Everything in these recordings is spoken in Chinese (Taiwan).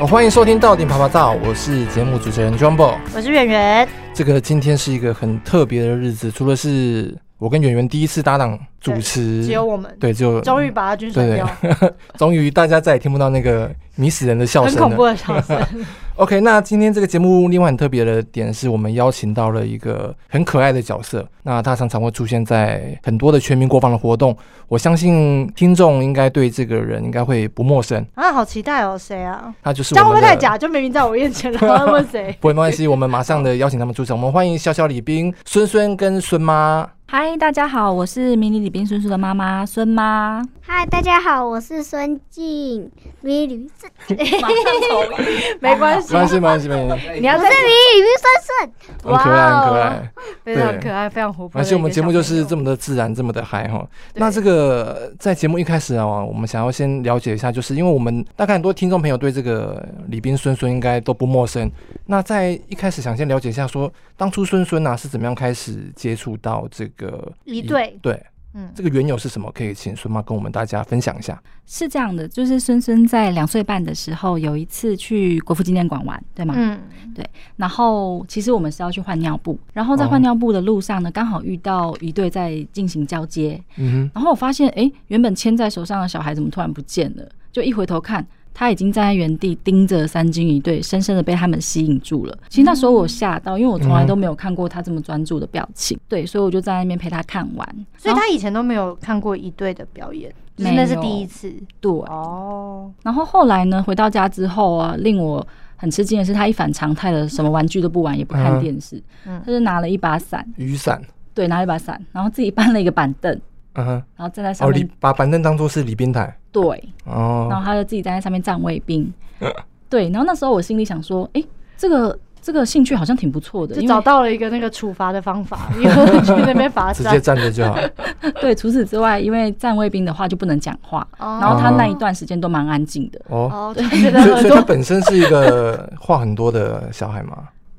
哦、歡迎收聽到底啪啪《頂爬爬照，我是節目主持人 j u m b l，我是圓圓。這個今天是一個很特別的日子，除了是我跟圓圓第一次搭檔。主持只有我們，對，就、嗯、終於把他軍上掉，終於大家再也聽不到那個迷死人的笑聲，很恐怖的聲笑聲。OK，那今天這個節目另外很特別的點是我們邀請到了一個很可愛的角色，那他常常會出現在很多的全民國防的活動，我相信聽眾應該對這個人應該會不陌生啊，好期待哦，誰啊？他就是這樣，會太假？就明明在我面前了， 問誰？ 沒關係，我們馬上的邀請他們出場， 我們歡迎小小禮兵、孫孫跟孫媽。嗨，Hi, 大家好，我是迷你禮兵孫孫的媽媽孫媽。嗨，Hi, 大家好，我是孫靜，迷你禮兵， 沒關係，啊、沒關係，沒關係。好，你要是迷你禮兵孫孫，哇很可愛，很可愛，非常可愛，對非常活潑。而且我們節目就是這麼的自然，這麼的嗨哈。對那這個在節目一開始啊、喔，我們想要先了解一下，就是因為我們大概很多聽眾朋友對這個禮兵孫孫應該都不陌生。那在一開始想先了解一下說，說當初孫孫啊是怎麼樣開始接觸到這個。一個儀隊對，儀對 嗯，這個緣由是什麼？可以請孫媽跟我們大家分享一下。是這樣的，就是孫孫在兩歲半的時候，有一次去國父紀念館玩，對嗎？嗯，對。然後其實我們是要去換尿布，然後在換尿布的路上呢，剛好遇到儀隊在進行交接。嗯哼。然後我發現，哎，原本牽在手上的小孩怎麼突然不見了？就一回頭看。他已經站在原地盯着三軍儀隊，深深的被他們吸引住了。其實那時候我嚇到，因為我從來都沒有看過他這麼專注的表情。嗯、對，所以我就在那邊陪他看完。所以他以前都沒有看過儀隊的表演，那、哦、是第一次。對哦。然後後來呢？回到家之後啊，令我很吃驚的是，他一反常態的什麼玩具都不玩，嗯、也不看電視，嗯、他就拿了一把傘，雨傘傘，對，拿了一把傘，然後自己搬了一個板凳。嗯哼，uh huh. 然後站在上面，把板凳當做是禮兵臺。對，哦，然後他就自己站在上面站衛兵。對，然後那時候我心裡想說，哎，這個這個興趣好像挺不錯的，就找到了一個那個處罰的方法，以後去那邊罰站，直接站着就好。對，除此之外，因為站衛兵的話就不能講話，然後他那一段時間都蠻安靜的。哦，所以所以他本身是一個話很多的小孩嗎？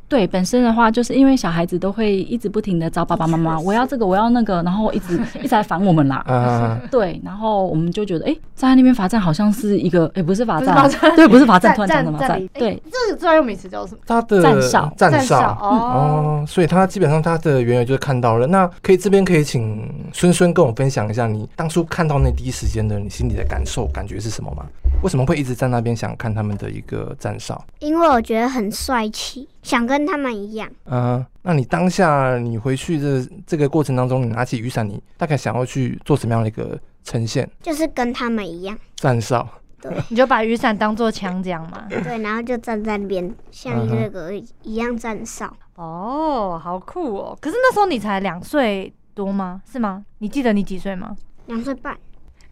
對，本身的話，就是因為小孩子都會一直不停的找爸爸媽媽，我要這個，我要那個，然後一直一直在煩我們啦。嗯、啊。對，然後我們就覺得，哎，在那邊罰站好像是一個，哎，不是罰站，對，不是罰站，錯的嘛，對，這個專用名詞叫什麼？站哨，站哨哦。嗯、所以他基本上他的緣由就是看到了。那可以這邊可以請孫孫跟我分享一下，你當初看到那第一時間的你心裡的感受感覺是什麼嗎？為什麼會一直在那邊想看他們的一個站哨？因為我覺得很帥氣。想跟他們一樣啊？Uh huh. 那你當下你回去這這個過程當中，你拿起雨傘，你大概想要去做什麼樣的一個呈現？就是跟他們一樣站哨。對， 你就把雨傘當做槍這樣嘛對。對，然後就站在那邊，像一個一樣站哨。Uh huh. 哦，好酷哦！可是那時候你才兩歲多嗎？是嗎？你記得你幾歲嗎？兩歲半。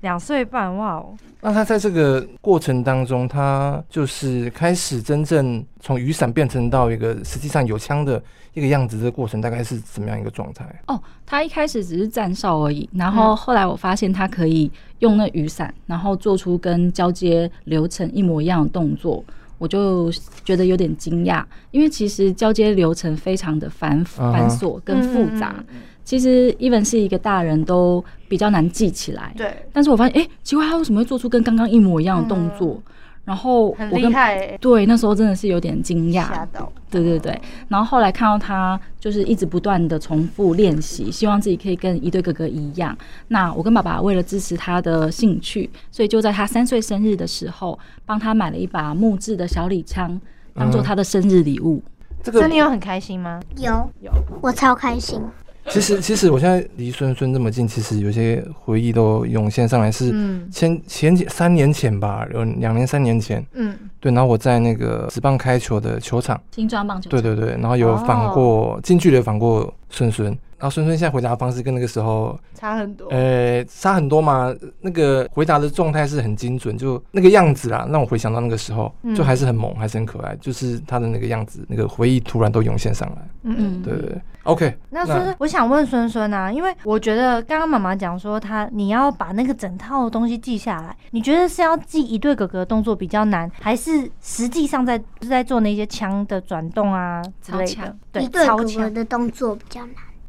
兩歲半，哇哦！那他在這個過程當中，他就是開始真正從雨傘變成到一個實際上有槍的一個樣子的過程，大概是什麼樣一個狀態？哦，他一開始只是站哨而已，然後後來我發現他可以用那雨傘，嗯、然後做出跟交接流程一模一樣的動作，我就覺得有點驚訝，因為其實交接流程非常的繁、啊、繁瑣跟複雜。嗯嗯嗯。其實 even 是一個大人都比較難記起來，對。但是我發現，哎、欸，奇怪，他為什麼會做出跟剛剛一模一樣的動作？嗯、然後我跟，很厲害、欸。對，那時候真的是有點驚訝。嚇到。對對對。然後後來看到他就是一直不斷的重複練習，嗯、希望自己可以跟一對哥哥一樣。那我跟爸爸為了支持他的興趣，所以就在他三歲生日的時候，幫他買了一把木質的小禮槍，當做他的生日禮物。啊、哈這個真的有很開心嗎？有有，我超開心。 其實，其實我現在離孫孫這麼近，其實有些回憶都湧現上來。是前前幾三年前吧，有兩年、三年前。嗯，對，然後我在那個職棒開球的球場，新莊棒球場。對對對，然後有訪過、近距離訪過。孫孫，然後孫孫現在回答方式跟那個時候差很多，呃、欸，差很多嘛。那個回答的狀態是很精準，就那個樣子啦、啊，讓我回想到那個時候，嗯、就還是很萌，還是很可愛，就是他的那個樣子，那個回憶突然都湧現上來。嗯對、嗯、對。OK，那孫孫，我想問孫孫啊，那因為我覺得剛剛媽媽講說，她，你要把那個整套的東西記下來，你覺得是要記一對哥哥的動作比較難，還是實際上在就在做那些槍的轉動啊之類的？強對，一對哥哥的動作比較。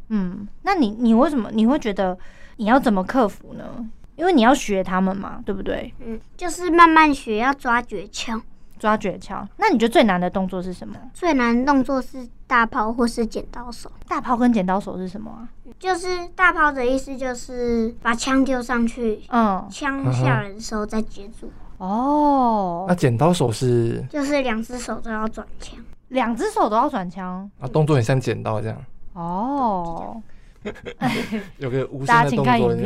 嗯，那你你為什麼你會覺得你要怎麼克服呢？因為你要學他們嘛，對不對？嗯，就是慢慢學，要抓訣竅，抓訣竅。那你覺得最難的動作是什麼？最難的動作是大拋或是剪刀手。大拋跟剪刀手是什麼啊？嗯、就是大拋的意思就是把槍丟上去，嗯，槍下來的時候再接住。嗯、哦，那剪刀手是？就是兩只手都要轉槍，兩只手都要轉槍啊，動作很像剪刀這樣。哦，oh. 有個無聲的動作。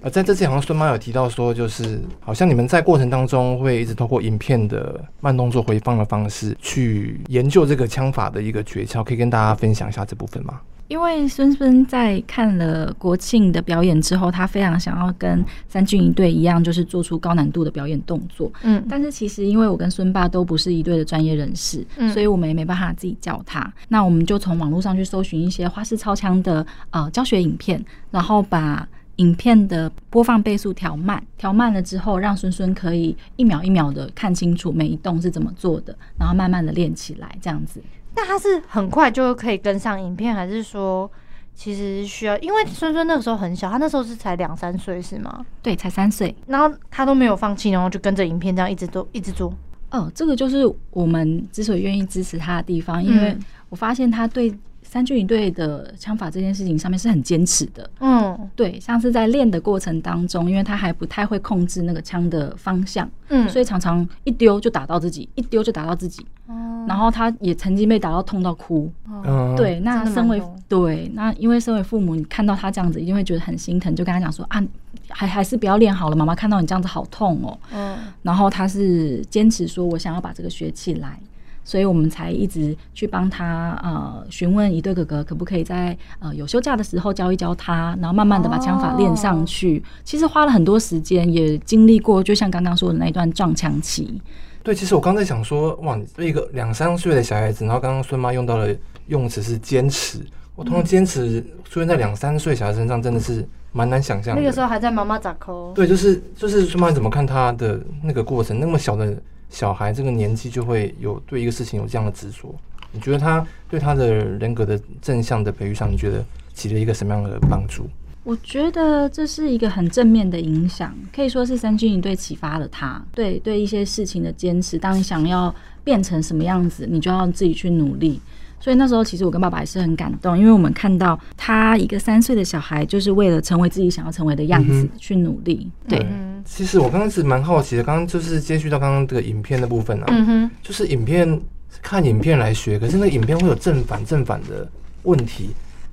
呃，在這次好像孫媽有提到說，就是好像你們在過程當中會一直透過影片的慢動作回放的方式去研究這個槍法的一個訣竅，可以跟大家分享一下這部分嗎？因為孫孫在看了國慶的表演之後，他非常想要跟三軍儀隊一樣，就是做出高難度的表演動作。嗯，但是其實因為我跟孫爸都不是儀隊的專業人士，嗯、所以我們也沒辦法自己教他。那我們就從網絡上去搜尋一些花式操槍的呃教學影片，然後把影片的播放倍速調慢，調慢了之後，讓孫孫可以一秒一秒的看清楚每一動是怎麼做的，然後慢慢的練起來，這樣子。那他是很快就可以跟上影片，還是說其實需要？因為孫孫那個時候很小，他那時候是才兩三歲，是嗎？對，才三歲，然後他都沒有放棄，然後就跟着影片這樣一直做、一直做。哦、呃，這個就是我們之所以願意支持他的地方，因為我發現他對。三軍儀隊的槍法這件事情上面是很堅持的，嗯，對，像是在練的過程當中，因為他還不太會控制那個槍的方向，嗯，所以常常一丟就打到自己，一丟就打到自己，哦，然後他也曾經被打到痛到哭，哦，對，那身為對，那因為身為父母，你看到他這樣子一定會覺得很心疼，就跟他講說啊，還還是不要練好了，媽媽看到你這樣子好痛哦，嗯，然後他是堅持說我想要把這個學起來。所以我們才一直去幫他呃詢問儀隊哥哥可不可以在呃有休假的時候教一教他，然後慢慢的把槍法練上去。Oh. 其實花了很多時間，也經歷過，就像剛剛說的那一段撞牆期。對，其實我剛才想說，哇，一個兩三歲的小孩子，然後剛剛孫媽用到的用詞是堅持，我通常堅持出現在兩三歲小孩身上，真的是蠻難想象。那個時候還在媽媽咋摳？對，就是就是孫媽怎麼看他的那個過程，那麼小的。小孩這個年紀就會有對一個事情有這樣的執着，你覺得他對他的人格的正向的培育上，你覺得起了一個什麼樣的幫助？我覺得這是一個很正面的影響，可以說是三軍儀隊啟發了他，對對一些事情的堅持。當你想要變成什麼樣子，你就要自己去努力。所以那時候，其實我跟爸爸也是很感動，因為我們看到他一個三歲的小孩，就是為了成為自己想要成為的樣子去努力。嗯、哼對，其實我剛開始蠻好奇的，剛剛就是接續到剛剛這個影片的部分啊，嗯、哼就是影片看影片來學，可是那個影片會有正反正反的問題，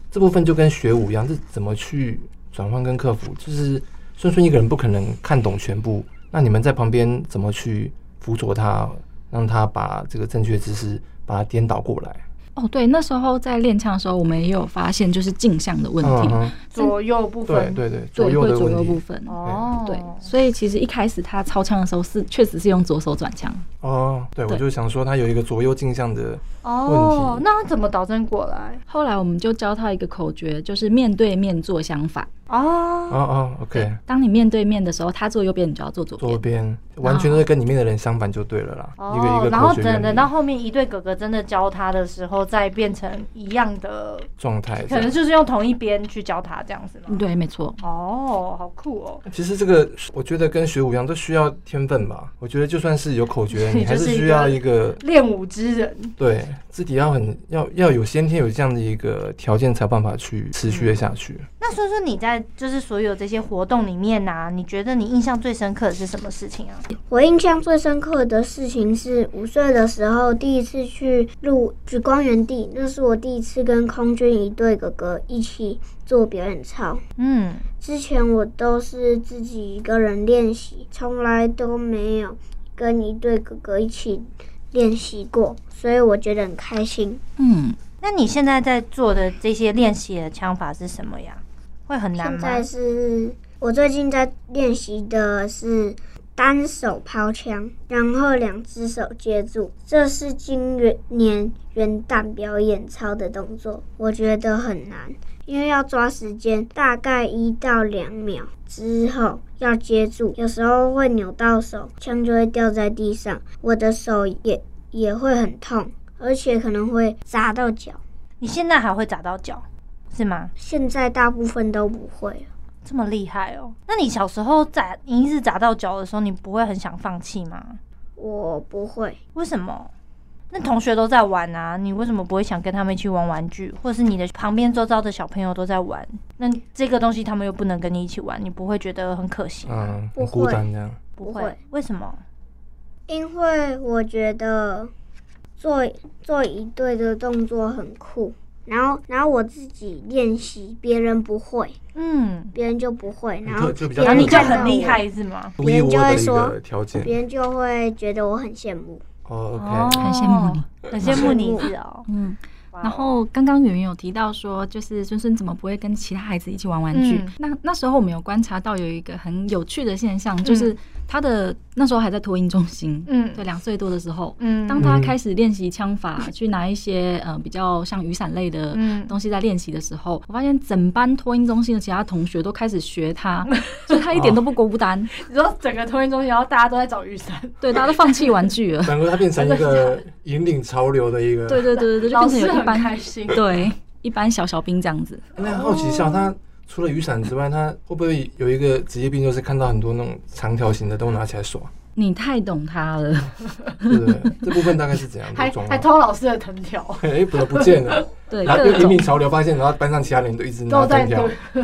這部分就跟學舞一樣，是怎麼去轉換跟克服？就是孫孫一個人不可能看懂全部，那你們在旁邊怎麼去輔佐他，讓他把這個正確知識把它顛倒過來？哦，對，那時候在練槍的時候，我們也有發現就是鏡像的問題，左右部分，對對對，左右對左右部分，哦，對，所以其實一開始他操槍的時候是確實是用左手轉槍。哦，對，我就想說他有一個左右鏡像的。哦，那他怎麼導正過來？後來我們就教他一個口訣，就是面對面做相反。啊，哦哦，OK 當你面對面的時候，他坐右邊，你就要坐左邊。左邊，完全都是跟裡面的人相反就對了啦。哦，然後等等到後面一對哥哥真的教他的時候。再變成一樣的狀態，可能就是用同一邊去教他這樣子嗎？對，沒錯。哦，好酷哦！其實這個我覺得跟學武一樣，都需要天分吧。我覺得就算是有口訣，你還是需要一個練 武之人。對，自己要很要要有先天有這樣的一個條件，才有辦法去持續的下去。嗯說說你在就是所有這些活動裡面吶、啊，你覺得你印象最深刻的是什麼事情啊？我印象最深刻的事情是五歲的時候第一次去錄舉光園地，那是我第一次跟空軍儀隊哥哥一起做表演操。嗯，之前我都是自己一個人練習，從來都沒有跟儀隊哥哥一起練習過，所以我覺得很開心。嗯，那你現在在做的這些練習的槍法是什麼呀？會很難。現在是，我最近在練習的是單手拋槍，然後兩隻手接住，這是今年元旦表演操的動作，我覺得很難，因為要抓時間，大概一到兩秒之後要接住，有時候會扭到手，槍就會掉在地上，我的手也也會很痛，而且可能會砸到腳。你現在還會砸到腳？是嗎？現在大部分都不會啊。這麼厲害哦。那你小時候砸，一直砸到腳的時候，你不會很想放棄嗎？我不會。為什麼？那同學都在玩啊，你為什麼不會想跟他們一起玩玩具，或是你的旁邊周遭，的小朋友都在玩，那這個東西他們又不能跟你一起玩，你不會覺得很可惜嗎？嗯，很孤單這樣。不會。不會。不會。為什麼？因為我覺得做做一對的動作很酷。然後，然後我自己練習，別人不會，嗯，別人就不會，然後，然後你就很厲害，是嗎？別人就會說，別人就會覺得我很羨慕哦，oh, okay, oh, 很羨慕你，很羨慕你哦，嗯。嗯，然後剛剛圓圓有提到說，就是孫孫怎麼不會跟其他孩子一起玩玩具？嗯、那那時候我們有觀察到有一個很有趣的現象，就是、嗯。他的那時候還在托嬰中心，嗯，對，兩歲多的時候，嗯，當他開始練習槍法，嗯、去拿一些呃比較像雨傘類的東西在練習的時候，嗯、我發現整班托嬰中心的其他同學都開始學他，嗯、所以他一點都不孤單。哦、你知道整個托嬰中心，然後大家都在找雨傘， 對，大家都放棄玩具了，反而他變成一個引領潮流的一個， 對對對對對，就變成有一班開心，對，一班小小兵這樣子。那好奇笑他。除了雨傘之外，他會不會有一個職業病，就是看到很多那種長條形的都拿起來耍？你太懂他了， 對不對，對？這部分大概是怎樣的還、啊、還，還偷老師的藤條？哎、欸，怎麼不見了？對，然後又引領潮，對潮流，發現然後班上其他人都一直拿藤條。對，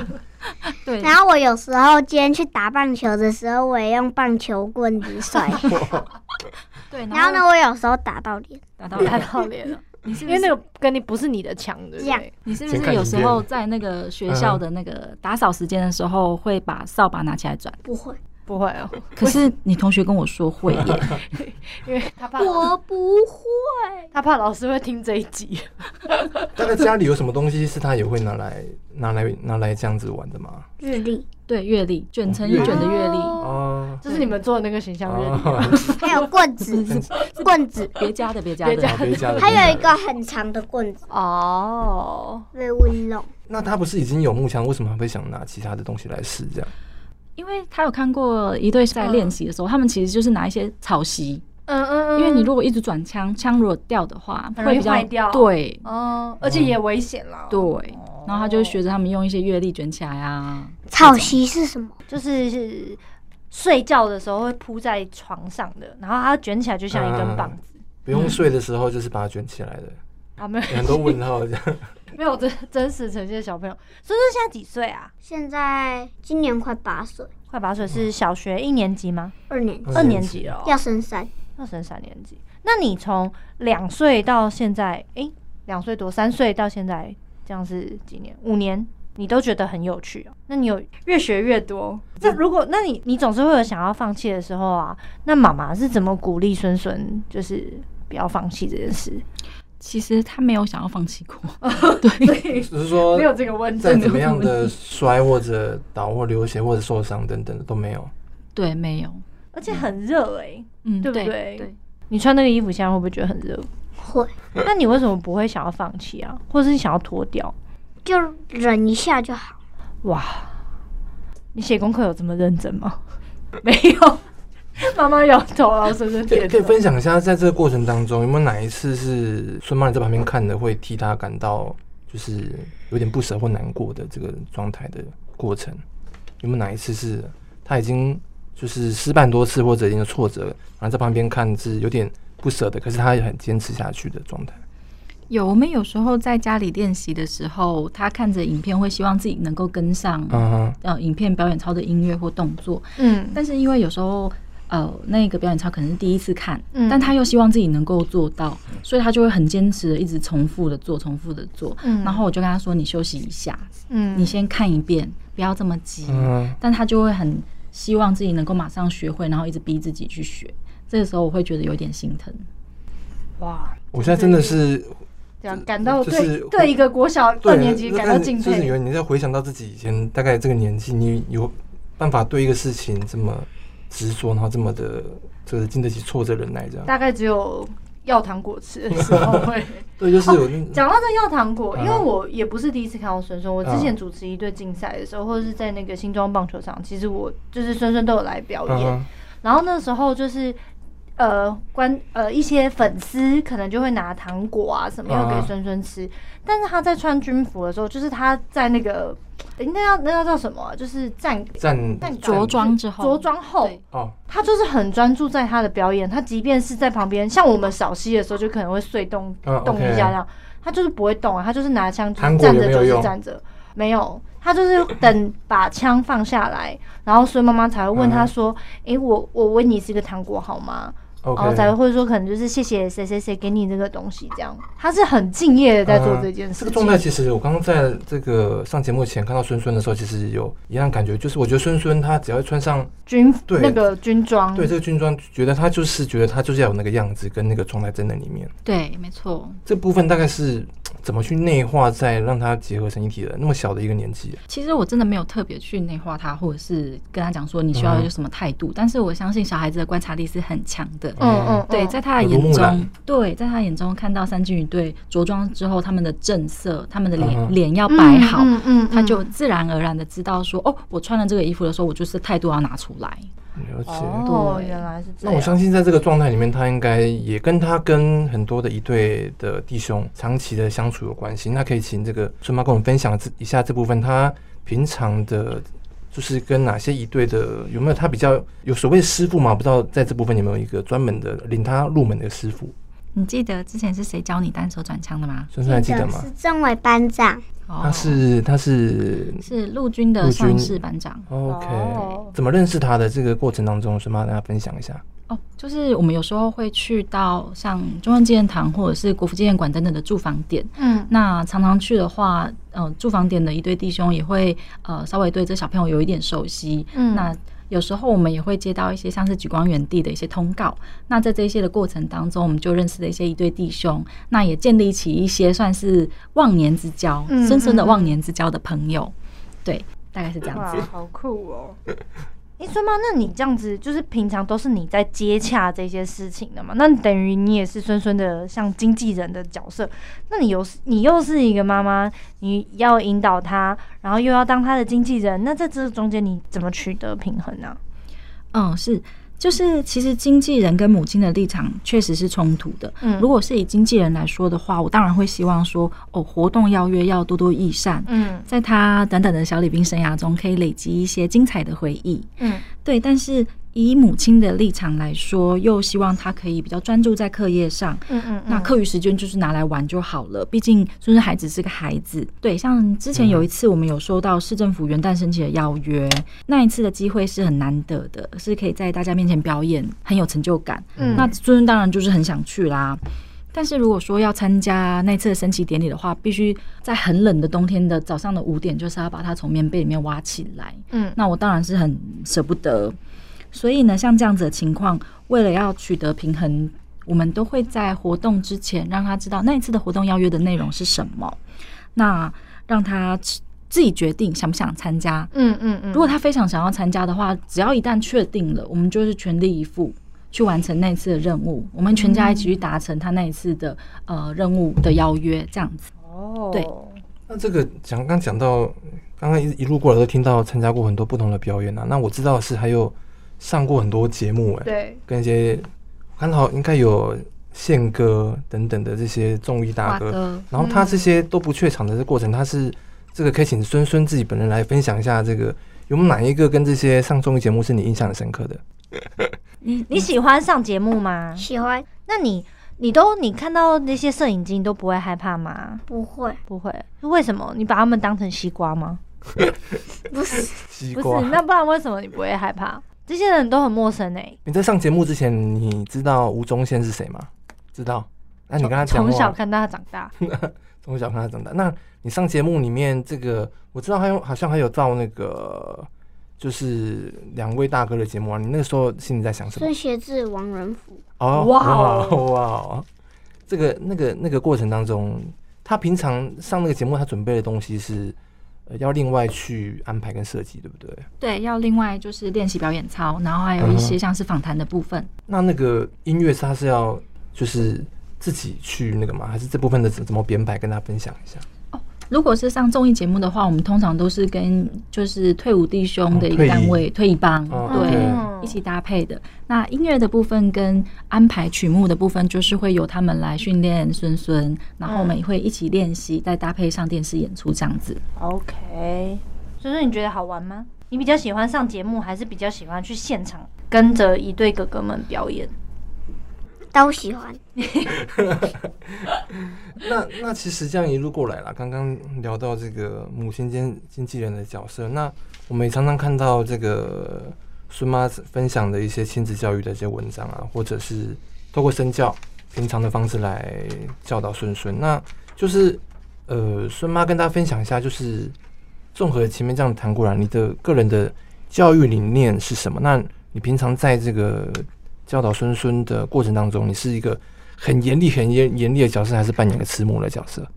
對然後我有時候今天去打棒球的時候，我也用棒球棍子甩 對，然後呢，後我有時候打到臉，打到太到臉了。 你是，不是因為那個跟你不是你的牆，對不對？Yeah. 你是不是有時候在那個學校的那個打掃時間的時候，會把掃把拿起來轉？ 不會。不會哦、啊，可是你同學跟我說會耶， 因為他怕我不會，他怕老師會聽這一集。 他的家裡有什麼東西是他也會拿來拿來拿來這樣子玩的嗎？月曆日，對，月曆，捲成一捲的月曆，哦，哦，這是你們做的那個形象月曆。哦、 還有棍子， 棍子，別家 的別家的，還有一個很長的棍子，哦，那他不是已經有木槍，為什麼還會想拿其他的東西來試這樣？因為他有看過一對在練習的時候，他們其實就是拿一些草席。嗯嗯，因為你如果一直轉槍，槍如果掉的話會比較壞掉。對。哦，而且也危險了。對。然後他就學着他們用一些月曆捲起來啊。草席是什麼？就是睡覺的時候會鋪在床上的，然後它捲起來就像一根棒子、啊。不用睡的時候就是把它捲起來的。嗯、啊，沒有。很多問號。沒有真真實呈現小朋友，孫孫現在幾歲啊？現在今年快八歲，快八歲是小學一年級嗎？二年級，二年級,二年級哦，要升三，要升三年級。那你從兩歲到現在，哎，兩歲多，三歲到現在，這樣是幾年？五年，你都覺得很有趣哦。那你有越學越多？那、嗯、如果，那你你總是會有想要放棄的時候啊？那媽媽是怎麼鼓勵孫孫，就是不要放棄這件事？其實他沒有想要放棄過，對，只 對 是說沒有這個問題。在什麼樣的摔或者倒或流血或者受傷等等的都沒有， 對，沒有，而且很熱哎、欸，嗯，嗯對不對？對對，你穿那個衣服現在會不會覺得很熱？會。那你為什麼不會想要放棄啊？或者是你想要脫掉？就忍一下就好。哇，你寫功課有這麼認真嗎？ 沒有。媽媽搖頭，老師生點頭。可以分享一下，在這個過程當中，有沒有哪一次是孫媽在旁邊看的，會替他感到就是有點不舍或難過的這個狀態的過程？有沒有哪一次是他已經就是失敗多次或者已經挫折了，然後在旁邊看是有點不舍的，可是他也很堅持下去的狀態？有，我們有時候在家裡練習的時候，他看着影片會希望自己能夠跟上、啊哈，啊，嗯，影片表演操的音樂或動作。嗯，但是因為有時候。哦，那個表演操可能是第一次看，但他又希望自己能夠做到，所以他就會很堅持的一直重複的做，重複的做。然後我就跟他說：“你休息一下，嗯，你先看一遍，不要這麼急。”但他就會很希望自己能夠馬上學會，然後一直逼自己去學。這個時候我會覺得有點心疼。哇！我現在真的是，這樣，感到對，對一個國小二年級感到敬佩。就是覺得你在回想到自己以前大概這個年紀，你有辦法對一個事情這麼。只是說他這麼的，就是經得起挫折、忍耐這樣。大概只有要糖果吃的時候會。 對，就是講、哦、就到這要糖果，uh huh. 因為我也不是第一次看到孫孫。我之前主持一隊競賽的時候，uh huh. 或者是在那個新莊棒球場，其實我就是孫孫都有來表演。Uh huh. 然後那時候就是呃，關呃一些粉絲可能就會拿糖果啊什麼要給孫孫吃，uh huh. 但是他在穿軍服的時候，就是他在那個。欸、那要那要叫什麼、啊？就是站站着裝槓之後着裝後，對哦，他就是很專注在他的表演。他即便是在旁邊，像我們小溪的時候，就可能會碎動、嗯、動一下這樣、嗯、他就是不會動啊，他就是拿槍站着就是站着，有沒，有沒有，他就是等把槍放下來，然後孫媽媽才會問他說：“誒、嗯欸，我我問你，吃個糖果好嗎？”然後 Okay,、哦，才會說，可能就是謝謝誰誰誰給你這個東西，這樣。他是很敬業的在做這件事情、嗯。這個狀態其實，我剛剛在這個上節目前看到孫孫的時候，其實有一樣感覺，就是我覺得孫孫他只要穿上軍君對那個軍裝，對，這個軍裝，覺得他就是覺得他就是要有那個樣子跟那個狀態在那裡面。對，沒錯。這部分大概是。怎麼去內化，再讓他結合成一體的？那麼小的一個年紀，其實我真的沒有特別去內化他，或者是跟他講說你需要有什麼態度。但是我相信小孩子的觀察力是很強的。嗯嗯，對，在他的眼中，對，在他眼中看到三軍儀隊着裝之後，他們的正色，他們的臉臉要擺好。嗯，他就自然而然的知道說，哦，我穿了這個衣服的時候，我就是態度要拿出來。而且，對，原來是這樣。那我相信在這個狀態裡面，他應該也跟他跟很多的儀隊的弟兄長期的。相處有關係，那可以請這個孫媽跟我們分享一下這部分。他平常的，就是跟哪些儀隊的，有沒有他比較有所謂師傅嘛，不知道在這部分有沒有一個專門的領他入門的師傅？你記得之前是誰教你單手轉槍的嗎？孫孫還記得嗎？是是政委班長，哦、他是他是是陸軍的上士班長。OK，、哦、怎麼認識他的這個過程當中，孫媽跟大家分享一下。哦，oh, 就是我們有時候會去到像中正紀念堂或者是國父紀念館等等的駐防點，嗯，那常常去的話，呃，駐防點的儀隊弟兄也會呃稍微對這小朋友有一點熟悉，嗯，那有時候我們也會接到一些像是莒光園地的一些通告，嗯、那在這些的過程當中，我們就認識了一些儀隊弟兄，那也建立起一些算是忘年之交，孫孫、嗯、的忘年之交的朋友，嗯、對，大概是這樣子，哦、好酷哦。欸孫媽，那你這樣子就是平常都是你在接洽這些事情的嘛？那等於你也是孫孫的像經紀人的角色。那你又是你又是一個媽媽，你要引導他，然後又要當他的經紀人。那在這中間你怎麼取得平衡呢、啊？嗯、哦，是。就是，其實經紀人跟母親的立場確實是衝突的。嗯，如果是以經紀人來說的話，我當然會希望說，哦，活動邀約要多多益善，嗯，在他短短的小禮兵生涯中，可以累積一些精彩的回憶，嗯，對。但是。以母親的立場來說，又希望他可以比較專注在課業上，嗯嗯，嗯，那課餘時間就是拿來玩就好了。畢竟孫孫還只是個孩子，對，像之前有一次我們有收到市政府元旦升旗的邀約，嗯嗯，那一次的機會是很難得的，是可以在大家面前表演，很有成就感。嗯，嗯，那孫孫當然就是很想去啦。但是如果說要參加那次的升旗典禮的話，必須在很冷的冬天的早上的五點，就是要把他從棉被裡面挖起來。嗯，嗯，那我當然是很捨不得。所以呢，像這樣子的情況，為了要取得平衡，我們都會在活動之前讓他知道那一次的活動邀約的內容是什麼，那讓他自己決定想不想參加。嗯嗯嗯。嗯嗯，如果他非常想要參加的話，只要一旦確定了，我們就是全力以赴去完成那一次的任務，我們全家一起去達成他那一次的，嗯、呃任務的邀約，這樣子。哦，對。那這個講剛講到，剛剛一一路過來都聽到參加過很多不同的表演啊，那我知道的是還有。上過很多節目哎、欸，對，跟一些剛好應該有憲哥等等的這些綜藝大哥，哥然後他這些都不怯場的這過程，嗯、他是這個可以請孫孫自己本人來分享一下，這個有,沒有哪一個跟這些上綜藝節目是你印象很深刻的？你你喜歡上節目嗎？喜歡、嗯。那你你都你看到那些攝影機都不會害怕嗎？不會，不會。為什麼？你把他們當成西瓜嗎？ 不是西瓜不是，那不然為什麼你不會害怕？這些人都很陌生哎、欸。你在上節目之前，你知道吳宗憲是誰嗎？知道。那、啊、你跟他從小看到他長大，從 小看他長大。那你上節目裡面這個，我知道還有好像還有到那個，就是兩位大哥的節目啊。你那個時候心裡在想什麼？孫協志、王仁甫。哦，哇哇！這個那個那個過程當中，他平常上那個節目，他準備的東西是。要另外去安排跟設計，對不對？對，要另外就是練習表演操，然後還有一些像是訪談的部分。Uh huh. 那那個音樂它是要就是自己去那個嗎？還是這部分的怎麼編排，跟大家分享一下？如果是上綜藝節目的話，我們通常都是跟就是退伍弟兄的一個單位、oh, 退役。退役班，oh, okay. 對，一起搭配的。那音樂的部分跟安排曲目的部分，就是會由他們來訓練孫孫，嗯、然後我們也會一起練習，再搭配上電視演出這樣子。OK，所以說你覺得好玩嗎？你比較喜歡上節目，還是比較喜歡去現場跟着一對哥哥們表演？都喜歡。 那。那那其實這樣一路過來了，剛剛聊到這個母親兼經紀人的角色，那我們也常常看到這個孫媽分享的一些親子教育的一些文章啊，或者是透過身教平常的方式來教導孫孫。那就是呃，孫媽跟大家分享一下，就是綜合前面這樣談過來，你的個人的教育理念是什麼？那你平常在這個。教導孫孫的過程當中，你是一個很嚴厲、很嚴嚴厲的角色，還是扮演一個慈母的角色？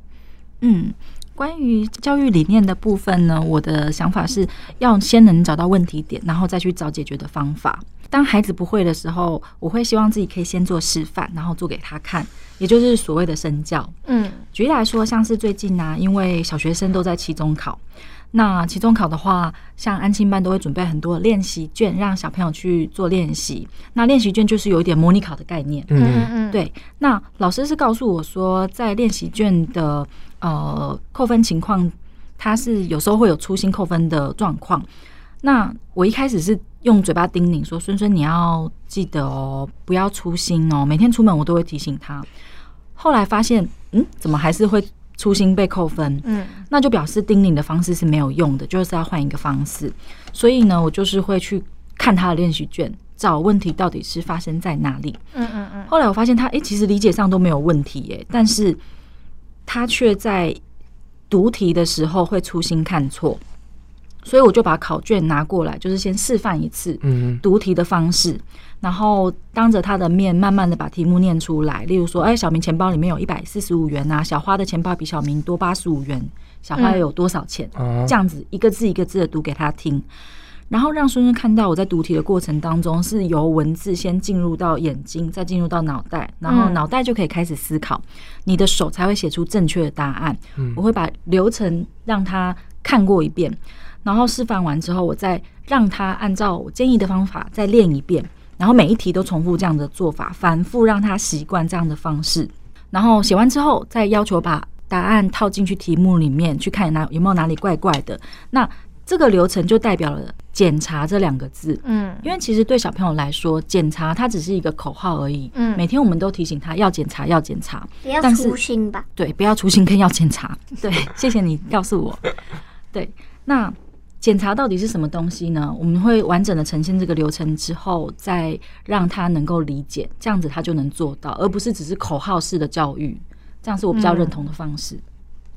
嗯，關於教育理念的部分呢，我的想法是要先能找到問題點，然後再去找解決的方法。當孩子不會的時候，我會希望自己可以先做示範，然後做給他看，也就是所謂的身教。嗯，舉例來說，像是最近呢、啊，因為小學生都在期中考。那期中考的話，像安親班都會準備很多練習卷，讓小朋友去做練習。那練習卷就是有一點模擬考的概念。嗯，嗯嗯，對。那老師是告訴我說在，在練習卷的呃扣分情況，他是有時候會有粗心扣分的狀況。那我一開始是用嘴巴叮嚀說：“孫孫，你要記得哦，不要粗心哦。”每天出門我都會提醒他。後來發現，嗯，怎麼還是會？粗心被扣分，嗯，那就表示叮嚀的方式是沒有用的，就是要換一個方式。所以呢，我就是會去看他的練習卷，找問題到底是發生在哪裡。嗯嗯嗯。後來我發現他，誒、欸，其實理解上都沒有問題、欸，哎，但是他卻在讀題的時候會粗心看錯。所以我就把考卷拿過來，就是先示範一次讀題的方式，然後當着他的面慢慢的把題目念出來。例如說，哎，小明錢包裡面有一百四十五元吶、啊，小花的錢包比小明多八十五元，小花有多少錢？這樣子一個字一個字的讀給他聽，然後讓孫孫看到我在讀題的過程當中，是由文字先進入到眼睛，再進入到腦袋，然後腦袋就可以開始思考，你的手才會寫出正確的答案。我會把流程讓他看過一遍。然後示範完之後，我再讓他按照我建議的方法再練一遍，然後每一題都重複這樣的做法，反覆讓他習慣這樣的方式。然後寫完之後，再要求把答案套進去題目裡面，去看哪有沒有哪裡怪怪的。那這個流程就代表了“檢查”這兩個字。嗯，因為其實對小朋友來說，檢查它只是一個口號而已。嗯，每天我們都提醒他要檢查，要檢查、嗯，但是 不要粗心吧？對，不要粗心，更要檢查。對， 謝謝你告訴我。對，那。檢查到底是什麼東西呢？我們會完整的呈現這個流程之後，再讓他能夠理解，這樣子他就能做到，而不是只是口號式的教育。這樣是我比較認同的方式。嗯、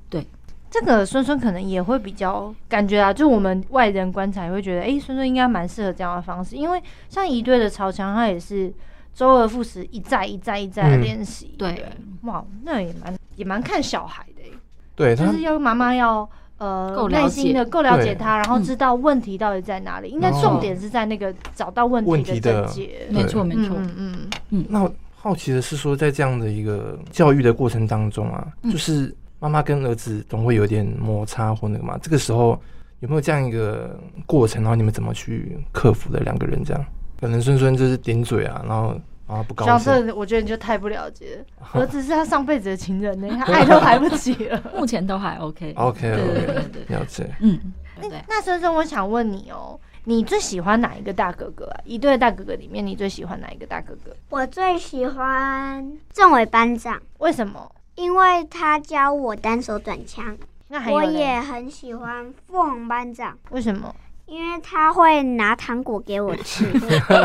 對，這個孫孫可能也會比較感覺啊，就我們外人觀察，也會覺得哎，欸，孫孫應該蠻適合這樣的方式，因為像儀隊的操槍，他也是周而復始，一再一再一再的練習。對，哇，那也蠻也蠻看小孩的、欸、對他，就是要媽媽要。呃，耐心的夠了解他，對然後知道問題到底在哪裡。嗯、應該重點是在那個找到問題的症結，沒錯沒錯。嗯嗯，那好奇的是說，在這樣的一個教育的過程當中啊，嗯、就是媽媽跟兒子總會有點摩擦或那個嘛，這個時候有沒有這樣一個過程，然後你們怎麼去克服的兩個人這樣？可能孫孫就是頂嘴啊，然後。啊，不高興！像是我覺得你就太不了解，何止是他上輩子的情人呢，他愛都來不及了。目前都還 OK，OK，對對對對，了解。嗯，那那孫孫，我想問你哦，你最喜歡哪一個大哥哥啊？一對大哥哥裡面，你最喜歡哪一個大哥哥？我最喜歡政委班長，為什麼？因為他教我單手轉槍。那還有，我也很喜歡鳳班長，為什麼？因為他會拿糖果給我吃，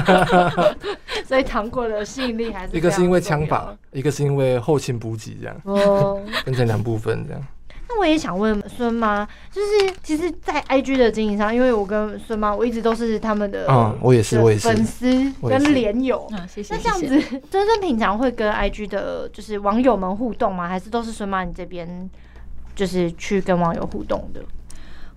所以糖果的吸引力還是，一個是因為槍法，一個是因為後勤補給這樣哦，分成兩部分這樣。那我也想問孫媽，就是其實，在 IG 的經營上，因為我跟孫媽我一直都是他們的，嗯，我也是，我也是粉絲跟連友。那這樣子，真正平常會跟 IG 的，就是網友們互動嗎？還是都是孫媽你這邊，就是去跟網友互動的？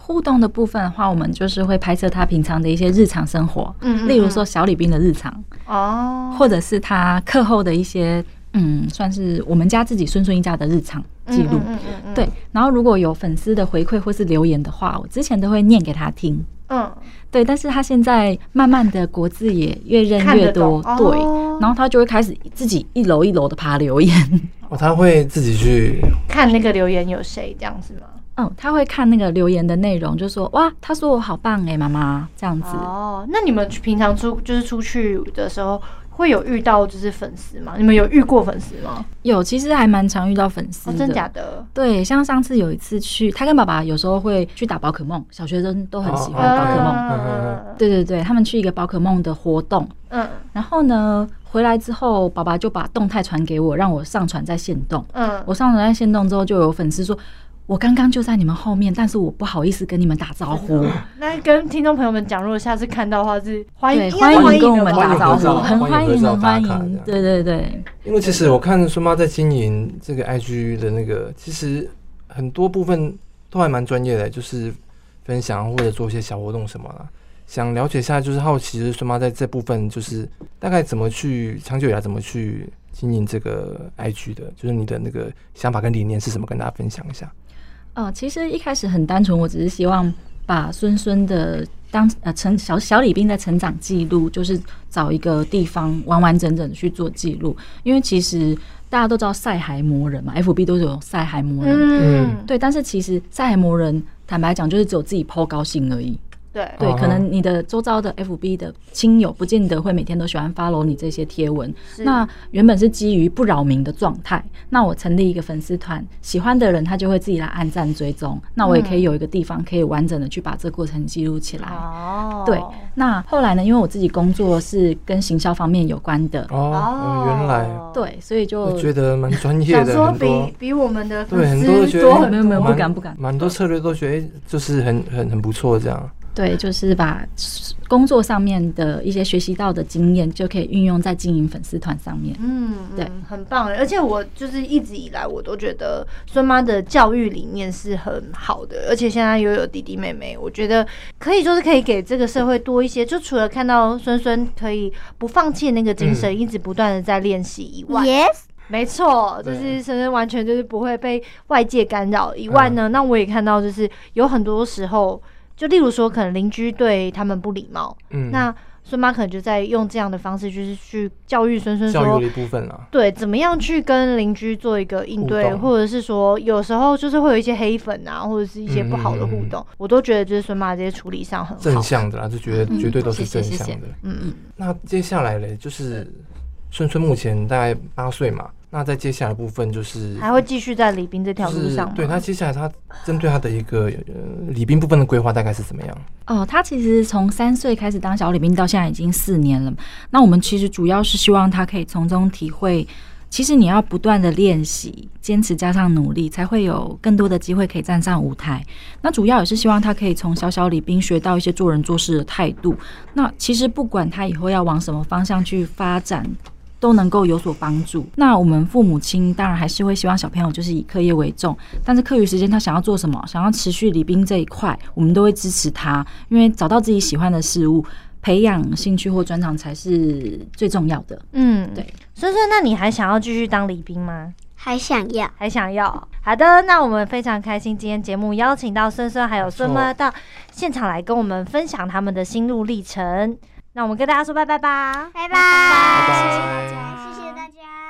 互動的部分的話，我們就是會拍攝他平常的一些日常生活，嗯，嗯，嗯，例如說小禮兵的日常哦，或者是他課後的一些，嗯，算是我們家自己孫孫一家的日常記錄。嗯嗯嗯嗯嗯，對，然後如果有粉絲的回饋或是留言的話，我之前都會念給他聽，嗯，對。但是他現在慢慢的國字也越認越多，對，然後他就會開始自己一樓一樓的爬留言哦，他會自己去看那個留言有誰這樣子嗎？嗯，他會看那個留言的內容，就說哇，他說我好棒哎，媽媽這樣子。哦，那你們平常出就是出去的時候會有遇到就是粉絲嗎？你們有遇過粉絲嗎？有，其實還蠻常遇到粉絲的。Oh, 真假的？對，像上次有一次去，他跟爸爸有時候會去打寶可夢，小學生都很喜歡寶可夢。Oh, 對對對，他們去一個寶可夢的活動。嗯。然後呢，回來之後，爸爸就把動態傳給我，讓我上傳在限動。嗯。我上傳在限動之後，就有粉絲說。我剛剛就在你們後面，但是我不好意思跟你們打招呼。那對 跟聽眾朋友們講，如果下次看到的話是，是歡迎歡迎跟我們打招呼，歡迎合照，很歡迎，歡迎合照打卡這樣。很歡迎。對對對，因為其實我看孫媽在經營這個 IG 的那個，其實很多部分都還蠻專業的，就是分享或者做一些小活動什麼的。想了解一下，就是好奇就是孫媽在這部分就是大概怎麼去長久以來怎麼去？經營這個 IG 的，就是你的那個想法跟理念是什麼？跟大家分享一下。呃，其實一開始很單純，我只是希望把孫孫的當呃成小小禮兵的成長記錄，就是找一個地方完完整整的去做記錄。因為其實大家都知道曬孩魔人嘛，FB 都有曬孩魔人，嗯，對。但是其實曬孩魔人，坦白講就是只有自己 po 高興而已。對，可能你的周遭的 FB 的親友不見得會每天都喜歡 follow 你這些貼文。那原本是基於不擾民的狀態。那我成立一個粉絲團，喜歡的人他就會自己來按讚追蹤。那我也可以有一個地方可以完整的去把這個過程記錄起來。哦，對。那後來呢？因為我自己工作是跟行銷方面有關的。哦，原來。對，所以就我覺得蠻專業的，說，比比我們的粉絲多很多。沒有沒有，不敢不敢。蠻多策略都覺得就是很很很不錯這樣。對，就是把工作上面的一些學習到的經驗，就可以運用在經營粉絲團上面。嗯，嗯，對，很棒。而且我就是一直以來我都覺得孫媽的教育理念是很好的，而且現在又有，有弟弟妹妹，我覺得可以，就是可以給這個社會多一些。嗯，就除了看到孫孫可以不放棄那個精神，一直不斷的在練習以外，yes，嗯，沒錯，就是孫孫完全就是不會被外界干擾以外呢。嗯，那我也看到，就是有很多時候。就例如說，可能鄰居對他們不禮貌，嗯，那孫媽可能就在用這樣的方式，就是去教育孫孫，教育的一部分、啊、對，怎麼樣去跟鄰居做一個應對，動或者是說，有時候就是會有一些黑粉啊，或者是一些不好的互動，嗯嗯嗯，我都覺得就是孫媽這些處理上很好正向的啦，就覺得、嗯、絕對都是正向的，謝謝謝謝嗯嗯。那接下來嘞，就是孫孫目前大概八歲嘛。那在接下來的部分，就是還會繼續在禮兵這條路上嗎？就是，對，那接下來他針對他的一個呃禮兵部分的規劃大概是怎麼樣？哦，他其實從三歲開始當小禮兵到現在已經四年了。那我們其實主要是希望他可以從中體會，其實你要不斷的練習、堅持加上努力，才會有更多的機會可以站上舞台。那主要也是希望他可以從小小禮兵學到一些做人做事的態度。那其實不管他以後要往什麼方向去發展。都能夠有所幫助。那我們父母親當然還是會希望小朋友就是以課業為重，但是課餘時間他想要做什麼，想要持續禮兵這一塊，我們都會支持他，因為找到自己喜歡的事物，培養興趣或專長才是最重要的。嗯，對。孫孫，那你還想要繼續當禮兵嗎？還想要，還想要。好的，那我們非常開心，今天節目邀請到孫孫還有孫媽沒錯，到現場來跟我們分享他們的心路歷程。那我們跟大家說拜拜吧，拜拜，謝謝大家，謝謝大家。